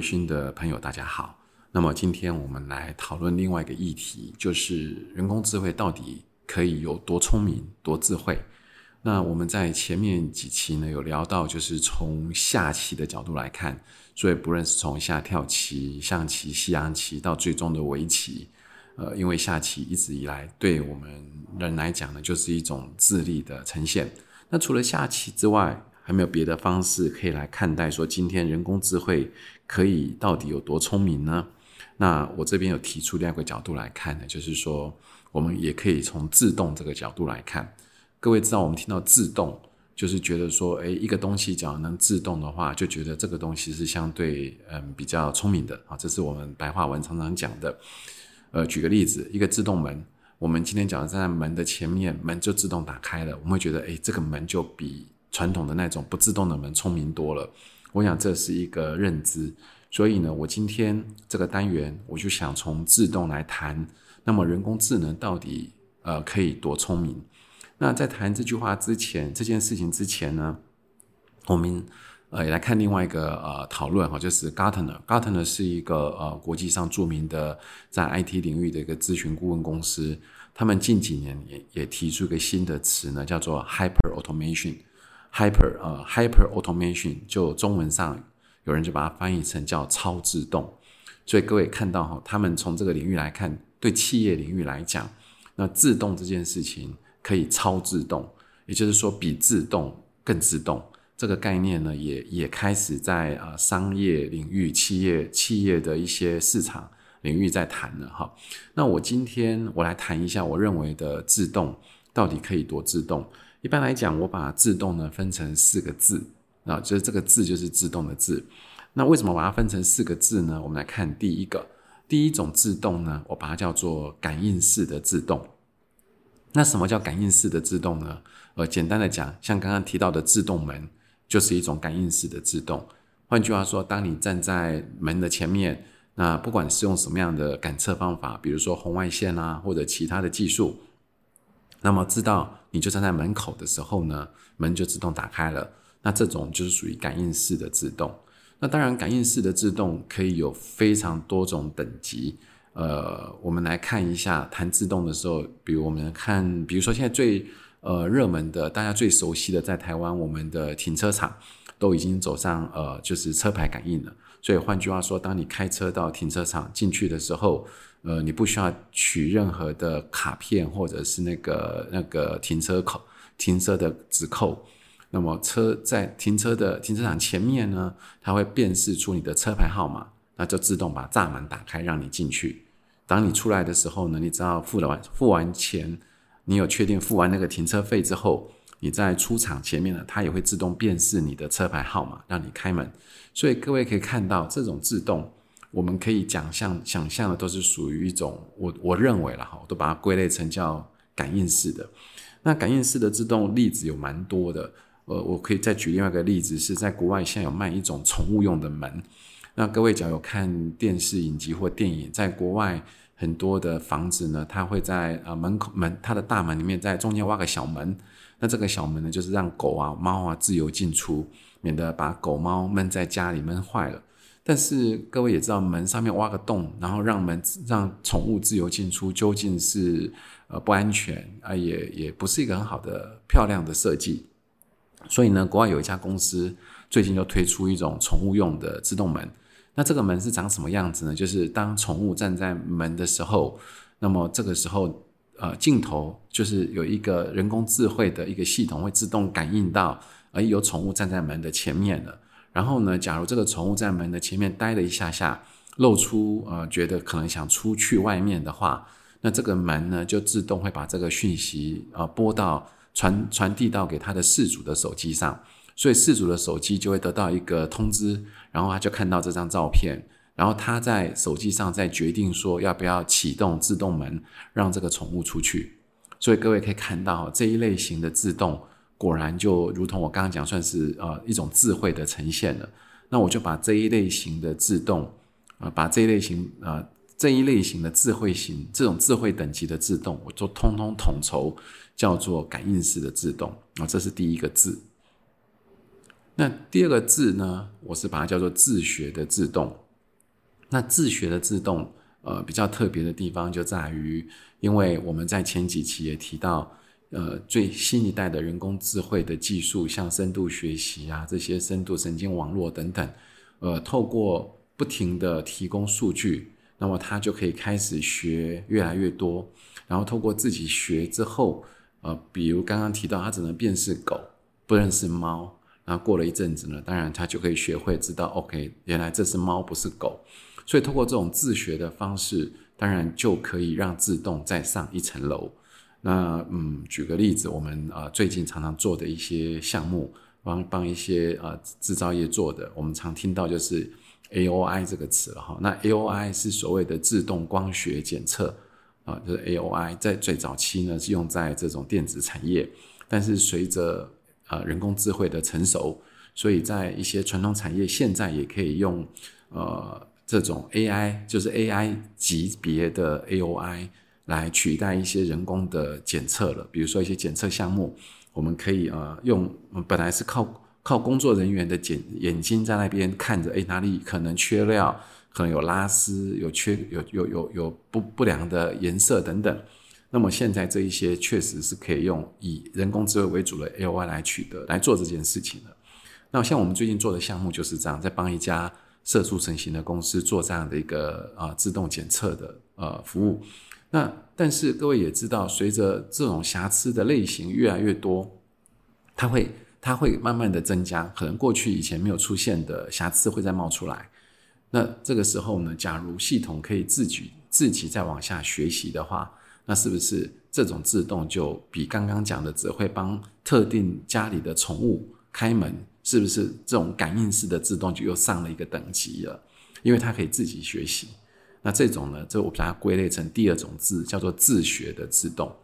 群的朋友，大家好。那麼今天我們來討論另外一個議題，就是人工智慧到底可以有多聰明、多智慧？那我們在前面幾期呢有聊到，就是從下棋的角度來看，所以不論是從下跳棋、象棋、西洋棋到最終的圍棋，呃，因為下棋一直以來對我們人來講呢，就是一種智力的呈現。那除了下棋之外，還沒有別的方式可以來看待說，今天人工智慧。可以到底有多聰明呢？那我這邊有提出另外一個角度來看呢，就是說我們也可以從自動這個角度來看。各位知道我們聽到自動，就是覺得說，哎，一個東西只要能自動的話，就覺得這個東西是相對嗯比較聰明的啊。這是我們白話文常常講的。呃，舉個例子，一個自動門，我們今天站在門的前面，門就自動打開了，我們會覺得，哎，這個門就比傳統的那種不自動的門聰明多了。我想這是一個認知，所以呢，我今天這個單元我就想從自動來談。那麼人工智能到底呃可以多聰明？那在談這句話之前，這件事情之前呢，我們呃也來看另外一個呃討論哈，就是 Gartner。Gartner 是一個呃國際上著名的在 IT 領域的一個諮詢顧問公司，他們近幾年也也提出一個新的詞呢，叫做 Hyper Automation。Hyper 啊、uh，Hyper Automation 就中文上有人就把它翻譯成叫超自動，所以各位看到哈，他們從這個領域來看，對企業領域來講，那自動這件事情可以超自動，也就是說比自動更自動，這個概念呢也也開始在呃商業領域、企業企業的一些市場領域在談了哈。那我今天我來談一下，我認為的自動到底可以多自動。一般來講，我把自動呢分成四個自啊，就是這個自就是自動的自。那為什麼把它分成四個自呢？我們來看第一個，第一種自動呢，我把它叫做感應式的自動。那什麼叫感應式的自動呢？呃，簡單的講，像剛剛提到的自動門，就是一種感應式的自動。換句話說，當你站在門的前面，那不管是用什麼樣的感測方法，比如說紅外線啊，或者其他的技術。那麼，直到你就站在門口的時候呢，門就自動打開了。那這種就是屬於感應式的自動。那當然，感應式的自動可以有非常多種等級。呃，我們來看一下，談自動的時候，比如我們看，比如說現在最呃熱門的，大家最熟悉的，在台灣，我們的停車場都已經走上呃就是車牌感應了。所以換句話說，當你開車到停車場進去的時候，呃，你不需要取任何的卡片或者是那個那個停車口停車的止扣。那麼車在停車的停車場前面呢，它會辨識出你的車牌號碼，那就自動把閘門打開讓你進去。當你出來的時候呢，你只要付了付完錢，你有確定付完那個停車費之後，你在出場前面呢，它也會自動辨識你的車牌號碼讓你開門。所以各位可以看到這種自動。我們可以講像，想象的都是屬於一種我我認為啦，哈，我都把它歸類成叫感應式的。那感應式的自動例子有蠻多的，呃，我可以再舉另外一個例子，是在國外現在有賣一種寵物用的門。那各位只要有看電視、影集或電影，在國外很多的房子呢，它會在呃，門口門它的大門裡面在中間挖個小門，那這個小門呢，就是讓狗啊貓啊自由進出，免得把狗貓悶在家裡悶壞了。但是各位也知道，門上面挖個洞，然後讓門讓寵物自由進出，究竟是呃不安全啊，也也不是一個很好的漂亮的設計。所以呢，國外有一家公司最近就推出一種寵物用的自動門。那這個門是長什麼樣子呢？就是當寵物站在門的時候，那麼這個時候呃，鏡頭就是有一個人工智慧的一個系統會自動感應到，而有寵物站在門的前面了。然後呢，假如這個寵物在門的前面待了一下下，露出呃，覺得可能想出去外面的話，那這個門呢就自動會把這個訊息啊、呃、播到傳傳遞到給他的飼主的手機上，所以飼主的手機就會得到一個通知，然後他就看到這張照片，然後他在手機上再決定說要不要啟動自動門讓這個寵物出去。所以各位可以看到這一類型的自動。果然就如同我剛剛講，算是呃一種智慧的呈現了。那我就把這一類型的自動，啊、呃，把這一類型啊、呃、這一類型的智慧型這種智慧等級的自動，我就通通統籌叫做感應式的自動啊、呃，這是第一個自。那第二個自呢，我是把它叫做自學的自動。那自學的自動，呃，比較特別的地方就在於，因為我們在前幾期也提到。呃，最新一代的人工智慧的技術，像深度學習啊，這些深度神經網絡等等，呃，透過不停的提供數據，那麼它就可以開始學越來越多。然後透過自己學之後，呃，比如剛剛提到它只能辨識狗，不認識貓，嗯、然後過了一陣子呢，當然它就可以學會知道，OK，原來這是貓不是狗。所以透過這種自學的方式，當然就可以讓自動再上一層樓。那嗯，舉個例子，我們啊、呃、最近常常做的一些項目，幫幫一些啊、呃、製造業做的，我們常聽到就是 AOI 這個詞哈。那 AOI 是所謂的自動光學檢測啊、呃，就是 AOI 在最早期呢是用在這種電子產業，但是隨着啊、呃、人工智慧的成熟，所以在一些傳統產業現在也可以用呃這種 AI 就是 AI 級別的 AOI。來取代一些人工的檢測了，比如說一些檢測項目，我們可以呃用本來是靠靠工作人員的檢眼睛在那邊看着，哎哪裡可能缺料，可能有拉絲、有缺、有有有有不不良的顏色等等。那麼現在這一些確實是可以用以人工智慧為主的 AOI 來取得來做這件事情的。那像我們最近做的項目就是這樣，在幫一家射出成型的公司做這樣的一個、呃、自動檢測的呃服務。那但是各位也知道，隨着這種瑕疵的類型越來越多，它會它會慢慢的增加，可能過去以前沒有出現的瑕疵會再冒出來。那這個時候呢，假如系統可以自己自己再往下學習的話，那是不是這種自動就比剛剛講的只會幫特定家裡的寵物開門，是不是這種感應式的自動就又上了一個等級了？因為它可以自己學習。那這種呢，就我把它歸類成第二種字，叫做自學的自動。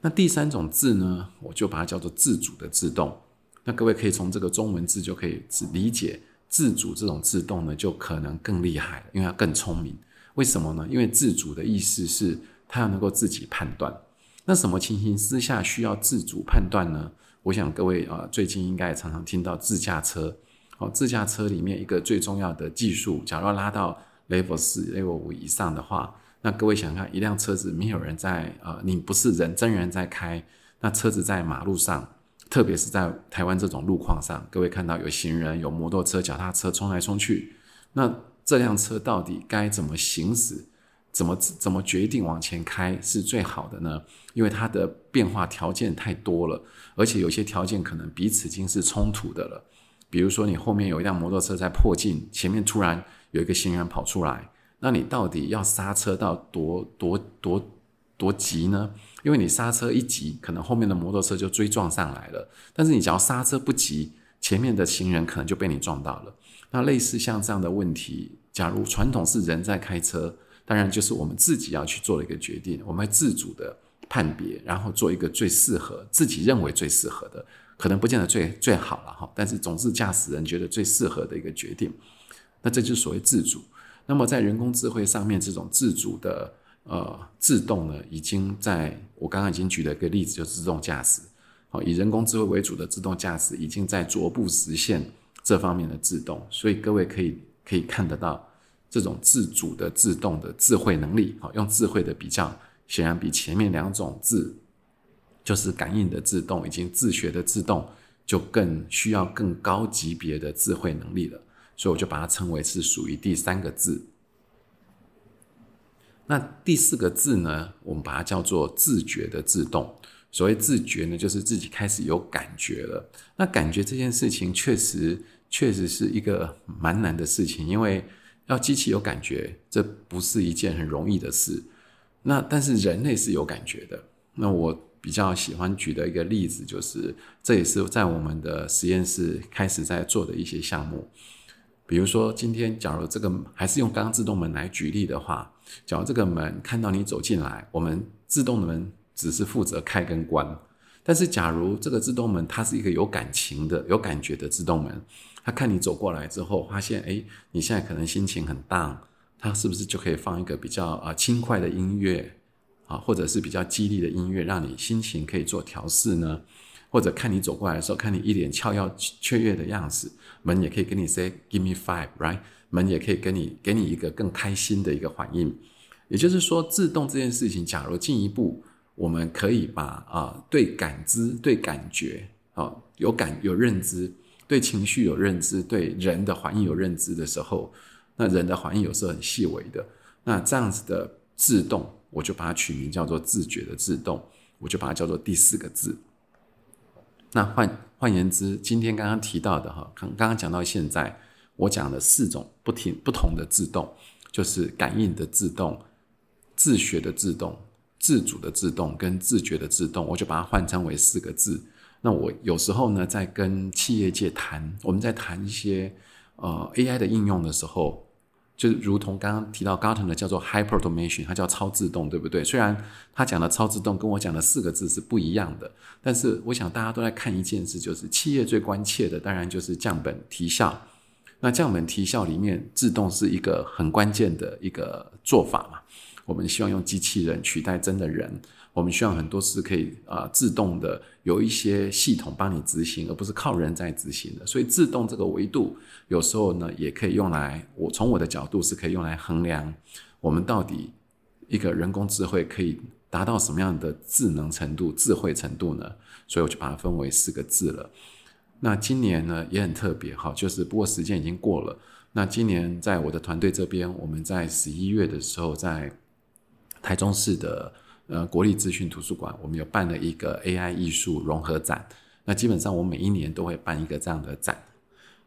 那第三種字呢，我就把它叫做自主的自動。那各位可以從這個中文字就可以只理解，自主這種自動呢，就可能更厲害了，因為它更聰明。為什麼呢？因為自主的意思是它要能夠自己判斷。那什麼情形之下需要自主判斷呢？我想各位啊，呃，最近應該也常常聽到自駕車哦，自駕車裡面一個最重要的技術，假如拉到。Level 四、Level 五以上的話，那各位想看一輛車子沒有人在呃，你不是人，真人在開，那車子在馬路上，特別是在台灣這種路況上，各位看到有行人、有摩托車、腳踏車衝來衝去，那這輛車到底該怎麼行駛，怎麼怎麼決定往前開是最好的呢？因為它的變化條件太多了，而且有些條件可能彼此已經是衝突的了，比如說你後面有一輛摩托車在迫近，前面突然有一個行人跑出來，那你到底要剎車到多多多多急呢？因為你剎車一急，可能後面的摩托車就追撞上來了。但是你只要剎車不急，前面的行人可能就被你撞到了。那類似像這樣的問題，假如傳統是人在開車，當然就是我們自己要去做的一個決定，我們會自主的判別，然後做一個最適合自己認為最適合的，可能不見得最最好了哈。但是總是駕駛人覺得最適合的一個決定。那這就是所謂自主。那麼在人工智慧上面，這種自主的呃自動呢，已經在我剛剛已經舉了一個例子，就是自動駕駛。好，以人工智慧為主的自動駕駛，已經在逐步實現這方面的自動。所以各位可以可以看得到，這種自主的自動的智慧能力，好，用智慧的比較，顯然比前面兩種自就是感應的自動，以及自學的自動，就更需要更高級別的智慧能力了。所以我就把它稱為是屬於第三個自。那第四個自呢，我們把它叫做“自覺”的自動。所謂自覺呢，就是自己開始有感覺了。那感覺這件事情確實確實是一個蠻難的事情，因為要機器有感覺，這不是一件很容易的事。那但是人類是有感覺的。那我比較喜歡舉的一個例子，就是這也是在我們的實驗室開始在做的一些項目。比如說，今天假如這個還是用剛剛自動門來舉例的話，假如這個門看到你走進來，我們自動的門只是負責開跟關。但是，假如這個自動門它是一個有感情的、有感覺的自動門，它看你走過來之後，發現哎，你現在可能心情很 down，它是不是就可以放一個比較、呃、輕快的音樂啊，或者是比較激勵的音樂，讓你心情可以做調適呢？或者看你走過來的時候，看你一臉翹腰雀躍的樣子，門也可以跟你 say give me five right，門也可以跟你給你一個更開心的一個反應。也就是說，自動這件事情，假如進一步，我們可以把啊、呃，對感知、對感覺啊、呃，有感有認知，對情緒有認知，對人的反應有認知的時候，那人的反應有時候很細微的。那這樣子的自動，我就把它取名叫做自覺的自動，我就把它叫做第四個自。那換換言之，今天剛剛提到的哈，剛剛剛講到現在，我講了四種不停不同的自動，就是感應的自動、自學的自動、自主的自動跟自覺的自動，我就把它換成為四個自。那我有時候呢，在跟企業界談，我們在談一些呃 AI 的應用的時候。就是如同剛剛提到 Gartner 的叫做 Hyperautomation，它叫超自動，對不對？雖然他講的超自動跟我講的四個自是不一樣的，但是我想大家都在看一件事，就是企業最關切的當然就是降本提效。那降本提效裡面，自動是一個很關鍵的一個做法嘛。我們希望用機器人取代真的人，我們希望很多事可以啊、呃、自動的，有一些系統幫你執行，而不是靠人在執行的。所以自動這個維度，有時候呢也可以用來，我從我的角度是可以用來衡量我們到底一個人工智慧可以達到什麼樣的智能程度、智慧程度呢？所以我就把它分為四個自了。那今年呢也很特別哈，就是不過時間已經過了。那今年在我的團隊這邊，我們在十一月的時候在。台中市的呃國立資訊圖書館，我們有辦了一個 AI 藝術融合展。那基本上我每一年都會辦一個這樣的展，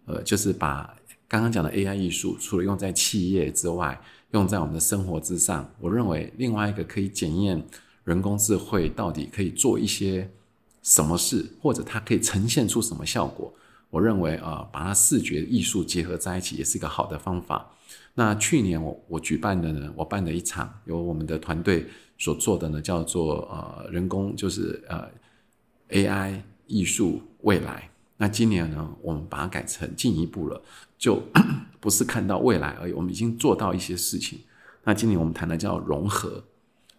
呃，就是把剛剛講的 AI 藝術，除了用在企業之外，用在我們的生活之上。我認為另外一個可以檢驗人工智慧到底可以做一些什麼事，或者它可以呈現出什麼效果。我認為啊、呃，把它視覺藝術結合在一起，也是一個好的方法。那去年我我舉辦的呢，我辦的一場由我們的團隊所做的呢，叫做呃人工，就是呃 AI 藝術未來。那今年呢，我們把它改成進一步了，就 不是看到未來而已，我們已經做到一些事情。那今年我們談的叫融合。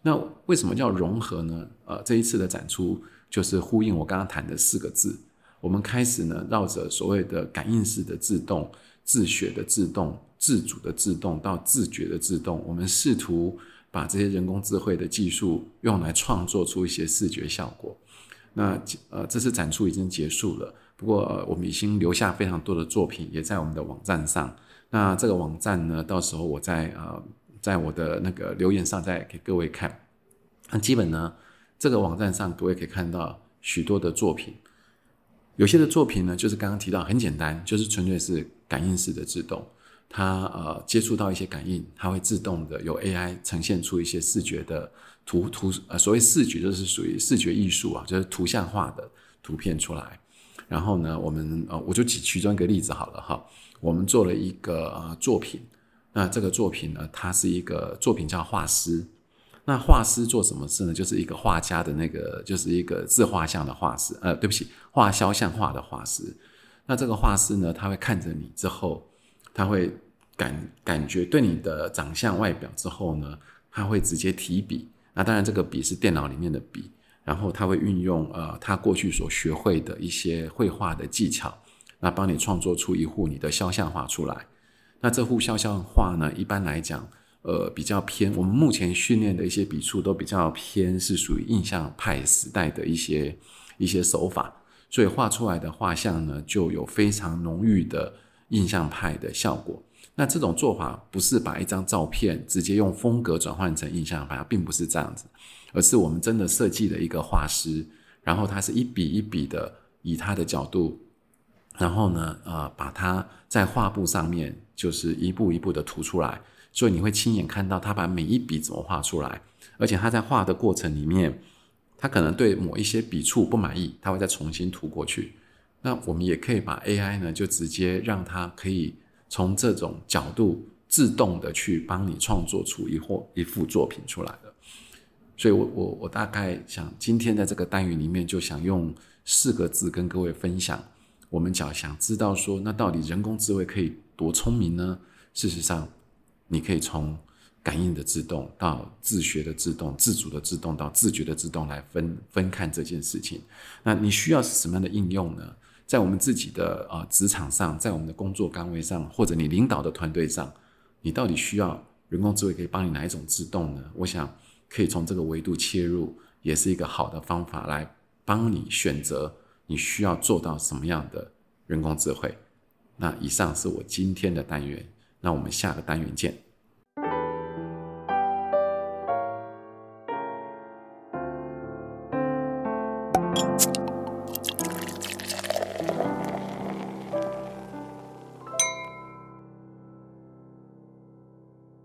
那為什麼叫融合呢？呃，這一次的展出就是呼應我剛剛談的四個自，我們開始呢繞着所謂的感應式的自動、自學的自動。自主的自動到自覺的自動，我們試圖把這些人工智慧的技術用來創作出一些視覺效果。那呃，這次展出已經結束了，不過，呃，我們已經留下非常多的作品，也在我們的網站上。那這個網站呢，到時候我在呃，在我的那個留言上再給各位看。那基本呢，這個網站上各位可以看到許多的作品，有些的作品呢，就是剛剛提到很簡單，就是純粹是感應式的自動。它呃，接觸到一些感應，它會自動的由 AI 呈現出一些視覺的圖圖呃，所謂視覺就是屬於視覺藝術啊，就是圖像化的圖片出來。然後呢，我們呃，我就舉其中一個例子好了哈。我們做了一個呃作品，那這個作品呢，它是一個作品叫畫師。那畫師做什麼事呢？就是一個畫家的那個，就是一個自畫像的畫師呃，對不起，畫肖像畫的畫師。那這個畫師呢，他會看着你之後。他會感感覺對你的長相外表之後呢，他會直接提筆。那當然，這個筆是電腦裡面的筆，然後他會運用呃，他過去所學會的一些繪畫的技巧，那幫你創作出一幅你的肖像畫出來。那這幅肖像畫呢，一般來講，呃，比較偏我們目前訓練的一些筆觸都比較偏，是屬於印象派時代的一些一些手法，所以畫出來的畫像呢，就有非常濃郁的。印象派的效果，那這種做法不是把一張照片直接用風格轉換成印象派，它並不是這樣子，而是我們真的設計了一個畫師，然後他是一筆一筆的以他的角度，然後呢，呃，把它在畫布上面就是一步一步的塗出來，所以你會親眼看到他把每一筆怎麼畫出來，而且他在畫的過程裡面，他可能對某一些筆觸不滿意，他會再重新塗過去。那我們也可以把 AI 呢，就直接讓它可以從這種角度自動地去幫你創作出一幅一幅作品出來的。所以我，我我我大概想，今天在這個單元裡面，就想用四個自跟各位分享：我們只要想知道說，那到底人工智慧可以多聰明呢？事實上，你可以從感應的自動到自學的自動、自主的自動到自覺的自動來分分看這件事情。那你需要是什麼樣的應用呢？在我們自己的啊職場上，在我們的工作崗位上，或者你領導的團隊上，你到底需要人工智慧可以幫你哪一種自動呢？我想可以從這個維度切入，也是一個好的方法來幫你選擇你需要做到什麼樣的人工智慧。那以上是我今天的單元，那我們下個單元見。